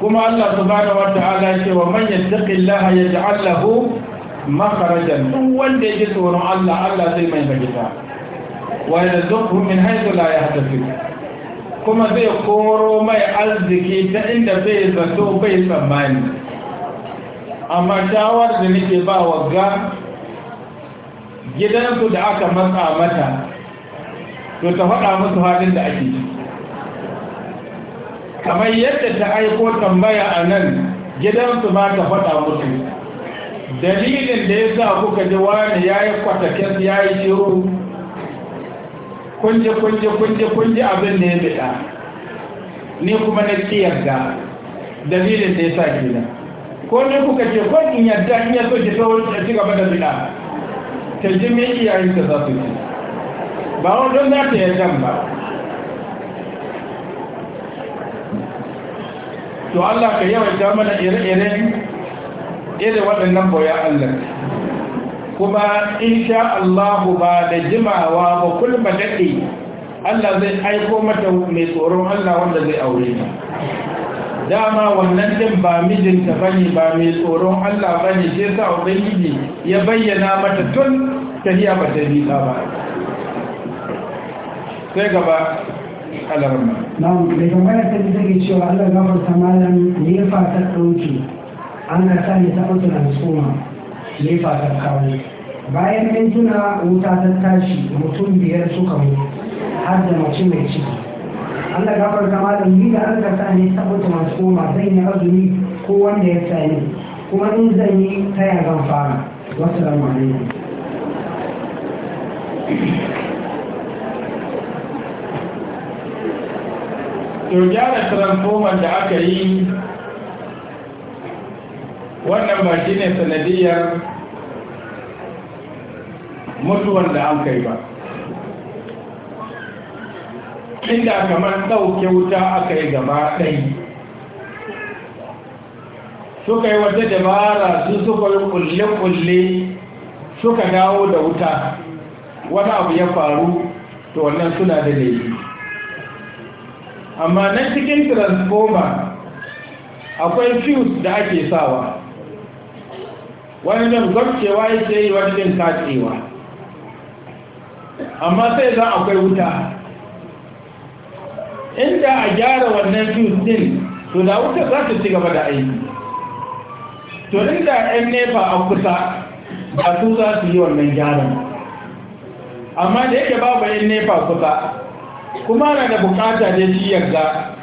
kuma Allah subhanahu wata'ala ya ce wa man yattaqillaha yaj'al lahu makharajan duk wanda yake tsoron Allah Allah zai mai magita wa yarzuqhu min haythu la yahtasib kuma zai koro mai arziki ta inda bai zato bai tsammani amma shawar da nake ba wa ga gidansu da aka matsa mata to ta faɗa musu halin da ake kamar yadda ta aiko tambaya a nan gidansu ma ta faɗa musu dalilin da ya sa kuka ji wani ya yi kwatakin ya yi shiru kunje kunje kunje kunje abin da ya bida ni kuma na ki da dalilin da ya sa ke ko ne kuka ce ko in yadda in ya so ki saurin da ci gaba da bida ta ji me iyayen ta za su ci ba wajen za ta yardan ba to Allah ka yawanta mana ire-iren ire waɗannan boya Allah kuma insha Allah ba da jimawa ba kulma daɗe Allah zai aiko mata mai tsoron Allah wanda zai aure ta dama wannan din ba mijinta bane ba mai tsoron Allah bane sai sa ubangiji ya bayyana mata tun tafiya ba ta ba sai gaba alarma na'am da tambaya ta take cewa Allah ya gafarta malam ne fata dauki ana sa ne ta auto transformer ne fata kawo bayan mintuna wuta ta tashi mutum biyar suka mutu har da mace mai ciki Allah gafarta malam ni da ka sa ne ta auto koma zan yi azumi ko wanda ya sani kuma in zan yi ta zan fara wasu ramanin Thank you. to gyara transformer da aka yi wannan ba shi ne sanadiyar mutuwan da an kai ba inda kamar ɗauke wuta aka yi gaba ɗai suka yi wata dabara su suka yi kulle-kulle suka dawo da wuta wani abu ya faru to wannan suna da laifi amma na cikin transformer akwai fuse da ake sawa wani don ya ce yi wani don katsewa amma sai za akwai wuta inda a gyara wannan fuse din to da wuta za ta ci gaba da aiki to inda yan nefa a kusa ba su za su yi wannan gyaran amma da yake babu yan nefa kusa kuma na da bukata da shi yarda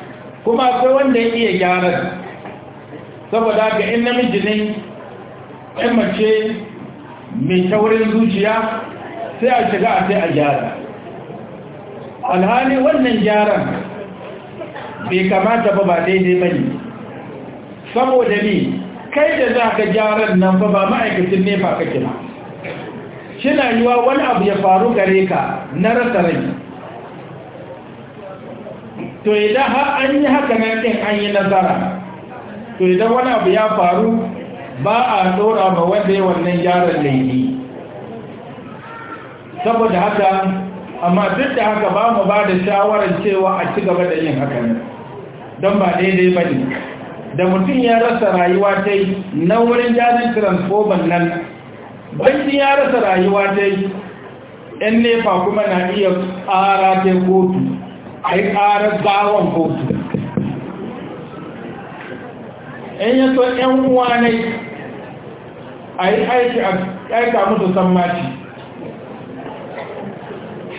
kuma akwai wanda ya iya gyara saboda ga in namiji ne in mace mai taurin zuciya sai a shiga a sai a gyara alhali wannan gyaran bai kamata ba ba daidai ne saboda ni kai da za ka gyaran nan ba ba ma'aikacin nefa kake ba na yiwa wani abu ya faru gare ka na rasa rai to idan har an yi haka nan ɗin an yi nazara to idan wani abu ya faru ba a ɗora ma wanda ya wannan yaron laifi saboda haka amma duk da haka ba mu ba da shawarar cewa a ci gaba da yin haka nan don ba daidai ba ne da mutum ya rasa rayuwa ta yi na wurin jazin transformer nan banki ya rasa rayuwa ta yi 'yan nefa kuma na iya ƙara ta kotu a yi ƙarar bawon kotu in yi so ‘yan ne a yi aika musu sammaci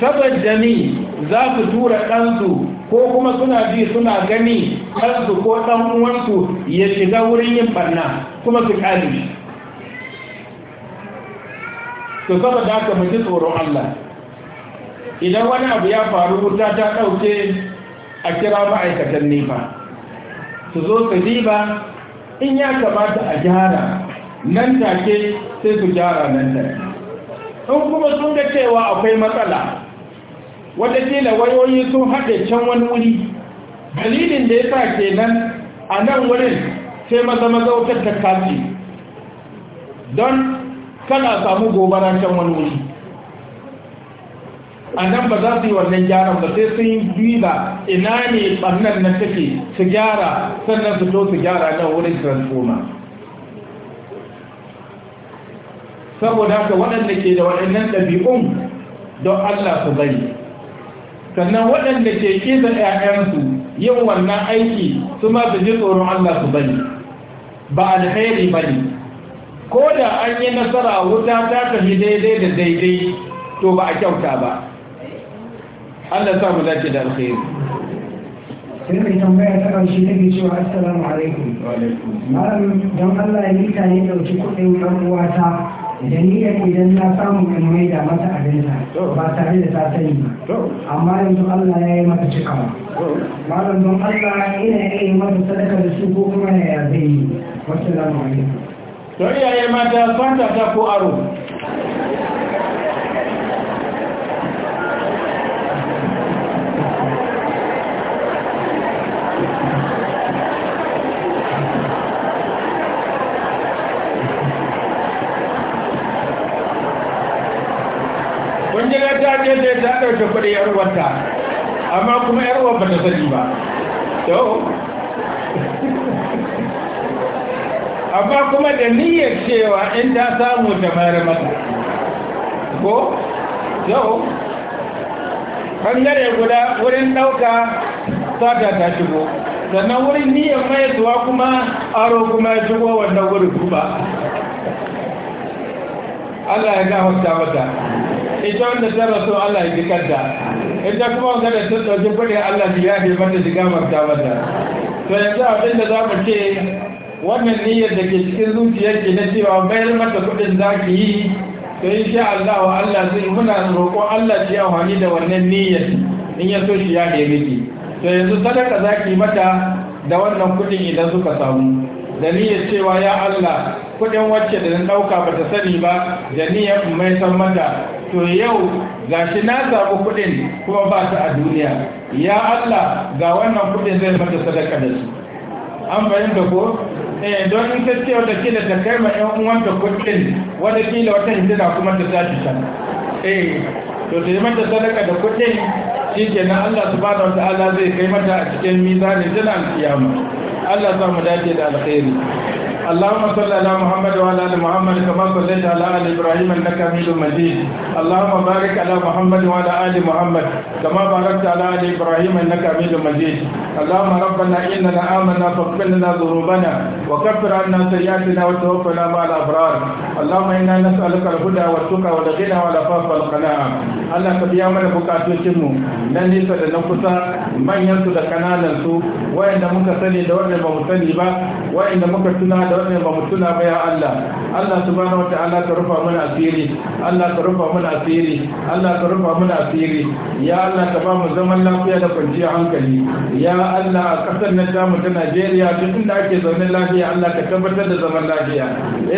saboda ni za su tura ɗansu ko kuma suna ji suna gani ɗansu ko ɗan uwansu ya shiga wurin yin barna kuma su ƙali su saboda haka mu ji tsoron Allah idan wani abu ya faru wuta ta ɗauke a kira ma'aikatan nefa su zo su riba in ya kamata a gyara nan take sai su gyara nan take in kuma sun ga cewa akwai matsala watakila wayoyi sun haɗe can wani wuri dalilin da ya sa ke nan a nan wurin sai maza maza wutar ta don kana samu gobara can wani wuri a nan ba za su yi wannan gyaran ba sai sun yi duba ina ne ɓannan na take su gyara sannan su to su gyara nan wurin transforma saboda haka waɗanda ke da waɗannan ɗabi'un don Allah su bari sannan waɗanda ke ƙiza 'ya'yansu yin wannan aiki su ma su ji tsoron Allah su bari ba alheri ba ne ko da an yi nasara wuta ta tafi daidai da daidai to ba a kyauta ba Allah sa mu dace da alkhairi sai mai tambaya ta ƙarshe take cewa assalamu alaikum malam don Allah ya nika ne ɗauki kuɗin ɗan uwata da niyyar idan na samu in mai da mata abinta ba tare da ta sani ba amma yanzu Allah ya yi mata ba malam don Allah ina iya yi mata sadaka da su ko kuma ya zai yi wasu lamu alaikum to iyaye mata fata ta ko aro jira ta ce da ta ɗauke kuɗi yar wata amma kuma yar wata ta sani ba amma kuma da niyyar cewa in ta samu ta mayar mata ko to bangare guda wurin ɗauka sata ta shigo sannan wurin niyan maisuwa kuma aro kuma ya shigo wannan wurin duba Allah ya gafarta mata ita wanda ta rasu Allah ya jikanta ita kuma wanda da ta ɗauki kuɗi Allah ya yafe mata shi gafarta mata to yanzu abin da za mu ce wannan niyyar da ke cikin zuciyarki na cewa bayar mata kudin za ki yi to insha Allah wa Allah zai muna roƙon Allah shi amfani da wannan niyyar in ya so shi ya ɗaya miki to yanzu sadaka za ki mata da wannan kuɗin idan suka samu da niyyar cewa ya Allah kuɗin wacce da na ɗauka ba ta sani ba da niyyar mai san mata to yau ga shi na samu kuɗin kuma ba ta a duniya ya Allah ga wannan kuɗin zai mata sadaka da su an fahimta ko Eh, don in ta ce kila ta kai ma 'yan uwanta kudin kila wata da kuma ta tashi can eh to ta yi mata sadaka da kudin shi ke na Allah subhanahu wa ta'ala zai kai mata a cikin mizanin tana Allah za mu dace da alkhairi اللهم صل على محمد وعلى ال محمد كما صليت على ال ابراهيم انك حميد مجيد اللهم بارك على محمد وعلى ال محمد كما باركت على ال ابراهيم انك حميد مجيد اللهم ربنا اننا امنا فاغفر لنا ذنوبنا وكفر عنا سيئاتنا وتوفنا مع الابرار اللهم انا نسالك الهدى والتقى والغنى والعفاف والقناعه Allah ka biya mana bukatocin mu nan nisa da nan kusa manyan su da kananan su wayanda muka sani da wanda ba mu sani ba wayanda muka tuna da wannan ba mu tuna ba ya Allah Allah subhanahu wataala ka rufa mana asiri Allah ka rufa mana asiri Allah ka rufa mana asiri ya Allah ka ba mu zaman lafiya da kwanciyar hankali ya Allah kasar nan tamu ta Najeriya duk inda ake zaune lafiya Allah ka tabbatar da zaman lafiya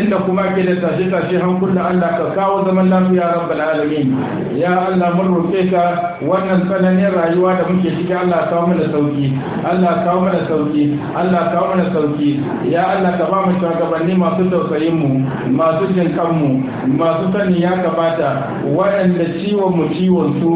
inda kuma ke da tashe tashe hankula Allah ka kawo zaman lafiya rabbal alamin ya Allah mun roƙe ka wannan tsananin rayuwa da muke ciki Allah ka kawo mana sauki Allah kawo mana sauki Allah kawo mana sauki ya Allah ka ba mu shugabanni masu tausayin mu masu jin kanmu masu sani ya kamata waɗanda ciwon mu ciwon su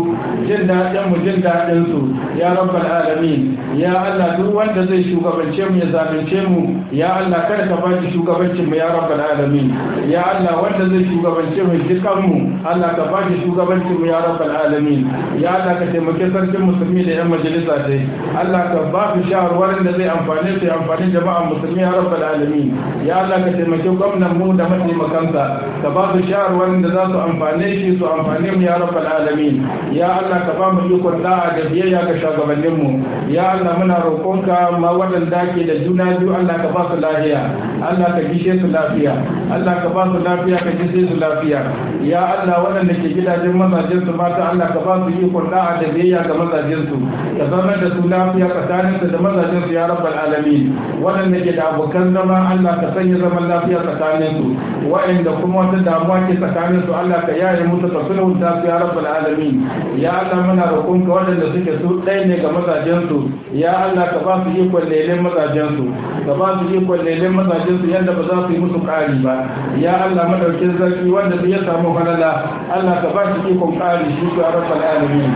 jin daɗin mu jin daɗin su ya rabbal alamin ya Allah duk wanda zai shugabance mu ya zalunce mu ya Allah kada ka ba shi shugabancin mu ya rabbal alamin ya Allah wanda zai shugabance mu dukan mu Allah ka ba shi shugabancin mu ya rabbal alamin ya Allah ka taimake sarkin musulmi da yan majalisa dai Allah ka ba shi shawarwarin da zai amfane su amfani jama'a musulmi ya rabbal alamin ya Allah ka taimaki gwamnan mu da mataimakansa ka ba su shawarwarin da za su amfane shi su amfane mu ya rabbal alamin ya Allah ka ba mu ikon da'a da biyayya ga shugabannin mu ya Allah muna roƙonka ma waɗanda ke da juna biyu Allah ka ba su lafiya Allah ka gishe su lafiya Allah ka ba su lafiya ka gishe su lafiya ya Allah waɗanda ke gidajen mazajen su mata Allah ka ba su ikon da'a da biyayya ga mazajen su ka zama da su lafiya tsakaninsu da mazajen su ya rabbal alamin waɗanda ke da abokan zama Allah Allah ka sanya zaman lafiya tsakanin su wa'anda kuma wata damuwa ke tsakanin su Allah ka yaye musu ka sulhunta su ya rabbal alamin ya Allah muna roƙon ka waɗanda suke su dai ne ga mazajen su ya Allah ka ba su ikon lelen mazajen su ka ba su ikon lelen mazajen su yadda ba za su yi musu ƙari ba ya Allah madaukin zarki wanda su ya samu halala Allah ka ba su ikon ƙari shi ya rabbal alamin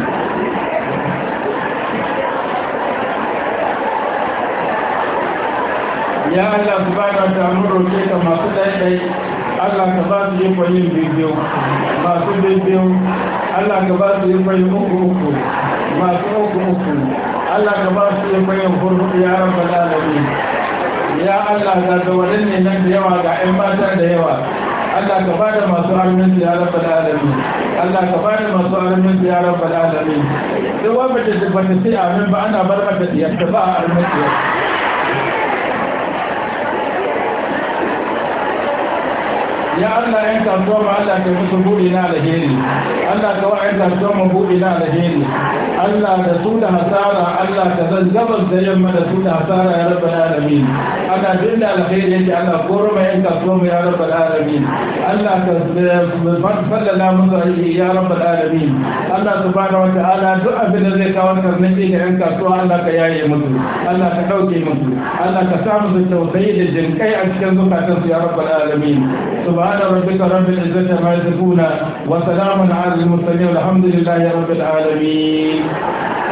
ya Allah ku ba da samun roƙe ta masu ɗaiɗai Allah ka ba su yi kwayin bibiyu masu bibiyu Allah ka ba su yi kwayin uku uku masu uku uku Allah ka ba su yi kwayin hurru ya rabu lalabi ya Allah ga zawarin ne nan da yawa ga 'yan mata da yawa Allah ka ba da masu arminsu ya rabu lalabi Allah ka ba da masu arminsu ya rabu lalabi duk ba ta ce amin ba ana bar mata diyarta ba a armin ya Allah yan kasuwa ma Allah ka musu buɗe na alheri Allah ka wa'in kasuwa mu buɗe na alheri Allah da su da hasara Allah ka zan gabas da yamma da su da hasara ya rabbal alamin Allah duk da alheri yake Allah koro ma yan kasuwa mu ya rabbal alamin Allah ka eh, fallala musu ya rabbal alamin Allah subhanahu wa ta'ala duk abin da zai kawo karnaci ga yan kasuwa Allah ka yaye musu Allah ka ɗauke musu Allah ka samu da tausayi da jinkai a cikin zukatansu ya rabbal alamin subhanahu سبحان ربك رب العزة ما يصفون وسلام على المرسلين والحمد لله رب العالمين